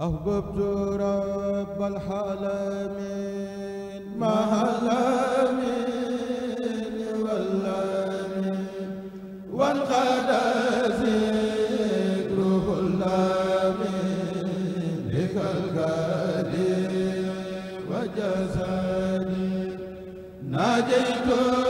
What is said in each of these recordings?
أحببت رب العالمين مع الأمين والأمين والغد ذكره الأمين لك القدير وجزاني ناجيت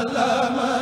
ala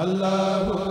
Allah